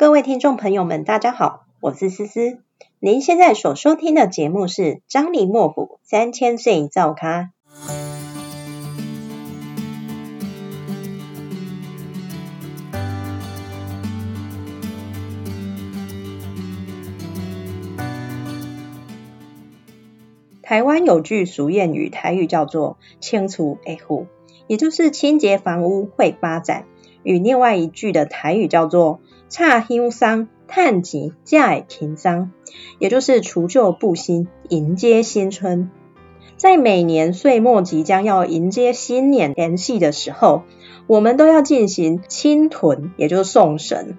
各位聽眾朋友們，大家好，我是思思。您現在所收聽的節目是張李莫府三千歲早咖。台灣有句俗諺語，台語叫做“清除門戶”，也就是清潔房屋會發展。與另外一句的台語叫做“差輕桑炭吉嫁停桑”，也就是除舊佈新，迎接新春。在每年歲末即將要迎接新年前夕的時候，我們都要進行清囤，也就是送神。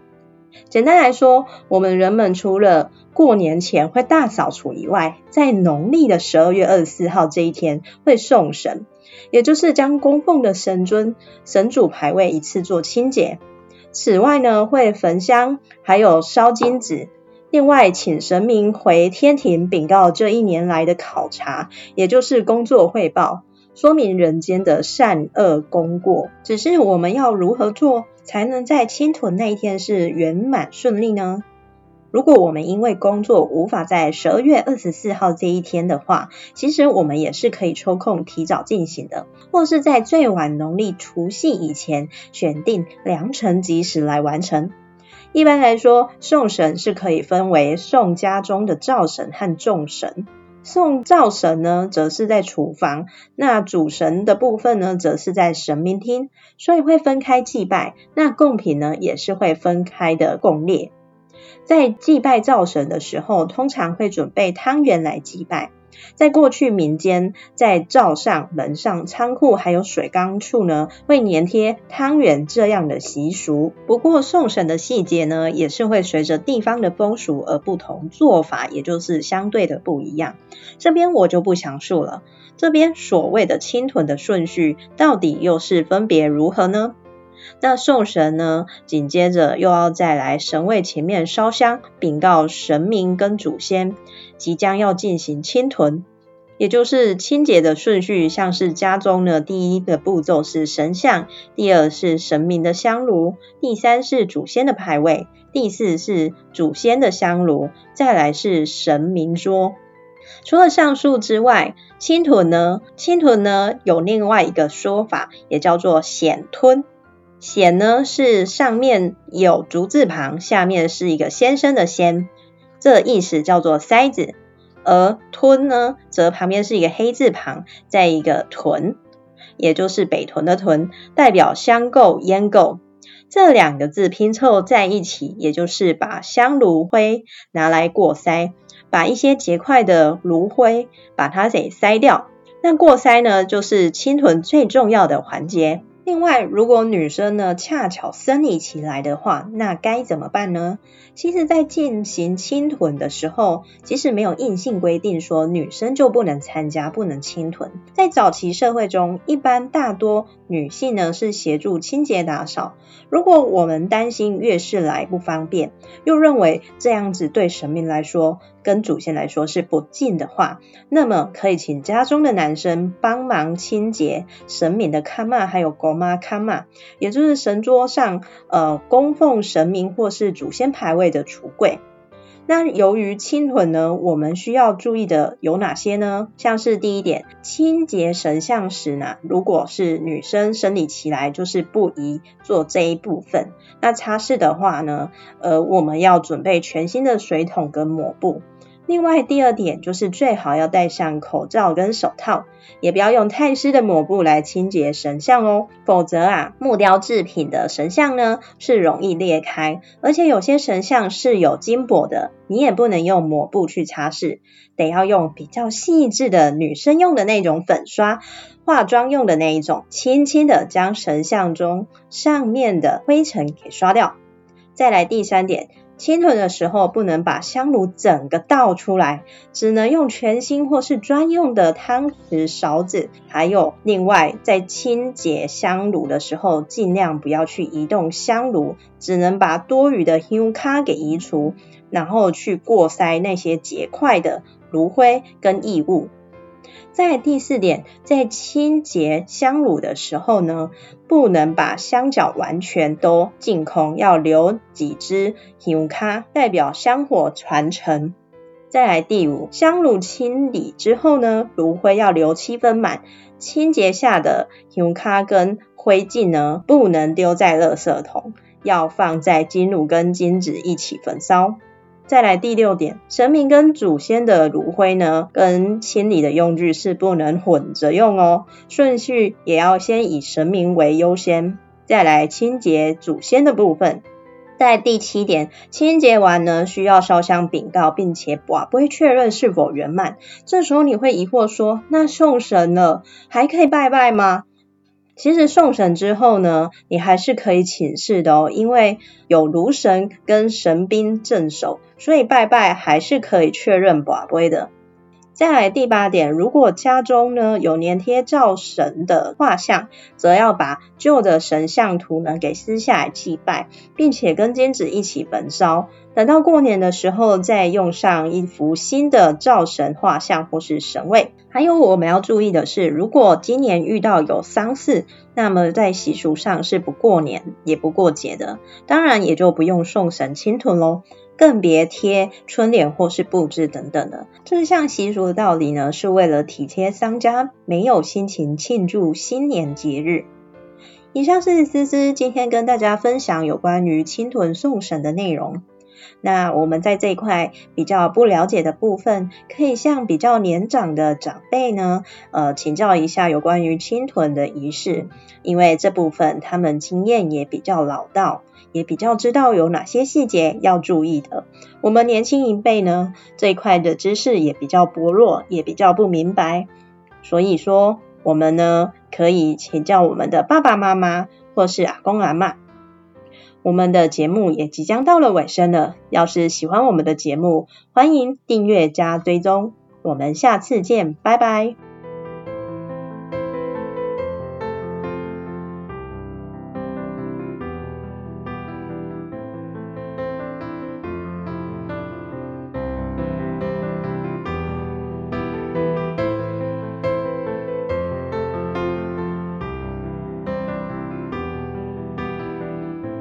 簡單來說，我們人們除了過年前會大掃除以外，在農曆的十二月二十四號這一天會送神。也就是將供奉的神尊、神主牌位一次做清潔。此外呢，會焚香，還有燒金紙。另外，請神明回天庭稟告這一年來的考察，也就是工作匯報，說明人間的善惡功過。只是我們要如何做，才能在清囤那一天是圓滿順利呢？如果我們因為工作無法在十二月二十四號這一天的話，其實我們也是可以抽空提早進行的，或是在最晚農曆除夕以前選定良辰吉時來完成。一般來說，送神是可以分為送家中的灶神和眾神。送灶神呢，則是在廚房；那主神的部分呢，則是在神明廳，所以會分開祭拜。那供品呢，也是會分開的供列。在祭拜灶神的時候，通常會準備湯圓來祭拜。在過去民間，在灶上、門上、倉庫還有水缸處呢，會粘貼湯圓這樣的習俗。不過送神的細節呢，也是會隨着地方的風俗而不同，做法也就是相對的不一樣。這邊我就不詳述了。這邊所謂的清囤的順序，到底又是分別如何呢？那送神呢？緊接着又要再來神位前面燒香，稟告神明跟祖先，即將要進行清囤，也就是清潔的順序，像是家中的第一個步驟是神像，第二是神明的香爐，第三是祖先的牌位，第四是祖先的香爐，再來是神明桌。除了上述之外，清囤呢？清囤呢有另外一個說法，也叫做顯吞。呢“篩”呢是上面有竹字旁，下面是一個先生的“先”，這意思叫做篩子；而囤呢“囤”呢則旁邊是一個黑字旁，再一個“屯，也就是北屯的“屯，代表香垢煙垢。這兩個字拼湊在一起，也就是把香爐灰拿來過篩，把一些結塊的爐灰把它給篩掉。那過篩呢，就是清囤最重要的環節。另外，如果女生呢恰巧生理期來的話，那該怎麼辦呢？其實，在進行清囤的時候，即使沒有硬性規定說女生就不能參加、不能清囤，在早期社會中，一般大多女性呢是協助清潔打掃。如果我們擔心月事來不方便，又認為這樣子對神明來說，跟祖先來說是不敬的話，那麼可以請家中的男生幫忙清潔神明的 kama，還有 goma kama，也就是神桌上呃供奉神明或是祖先牌位的櫥櫃。那由於清囤呢，我們需要注意的有哪些呢？像是第一點，清潔神像時呢，如果是女生生理期來，就是不宜做這一部分。那擦拭的話呢，呃，我們要準備全新的水桶跟抹布。另外第二點就是最好要戴上口罩跟手套，也不要用太濕的抹布來清潔神像哦，否則啊木雕製品的神像呢是容易裂開，而且有些神像是有金箔的，你也不能用抹布去擦拭，得要用比較細緻的女生用的那種粉刷，化妝用的那一種，輕輕的將神像中上面的灰塵給刷掉。再來第三點。清囤的時候不能把香爐整個倒出來，只能用全新或是專用的湯匙、勺子。還有，另外在清潔香爐的時候，盡量不要去移動香爐，只能把多餘的香腳給移除，然後去過篩那些結塊的爐灰跟異物。在第四點，在清潔香爐的時候呢，不能把香腳完全都淨空，要留幾支香腳，代表香火傳承。再來第五，香爐清理之後呢，爐灰要留七分滿。清潔下的香腳跟灰燼呢，不能丟在垃圾桶，要放在金爐跟金紙一起焚燒。再來第六點，神明跟祖先的爐灰呢，跟清理的用具是不能混着用哦，順序也要先以神明為優先，再來清潔祖先的部分。在第七點，清潔完呢，需要燒香稟告，並且不會確認是否圓滿。這時候你會疑惑說，那送神了，還可以拜拜嗎？其實送神之後呢，你還是可以請示的哦，因為有爐神跟神兵鎮守，所以拜拜還是可以確認寶貴的。再來第八點，如果家中呢有粘貼灶神的畫像，則要把舊的神像圖呢給撕下來祭拜，並且跟金紙一起焚燒。等到過年的時候，再用上一幅新的灶神畫像或是神位。還有我們要注意的是，如果今年遇到有喪事，那麼在習俗上是不過年也不過節的，當然也就不用送神、清囤嘍，更別貼春聯或是布置等等的。這項習俗的道理呢，是為了體貼喪家沒有心情慶祝新年節日。以上是思思今天跟大家分享有關於清囤送神的內容。那我們在這一塊比較不了解的部分，可以向比較年長的長輩呢，呃，請教一下有關於清囤的儀式，因為這部分他們經驗也比較老道，也比較知道有哪些細節要注意的。我們年輕一輩呢，這一塊的知識也比較薄弱，也比較不明白，所以說我們呢，可以請教我們的爸爸媽媽或是阿公阿嬤。我們的節目也即將到了尾聲了。要是喜歡我們的節目，歡迎訂閱加追蹤。我們下次見，拜拜。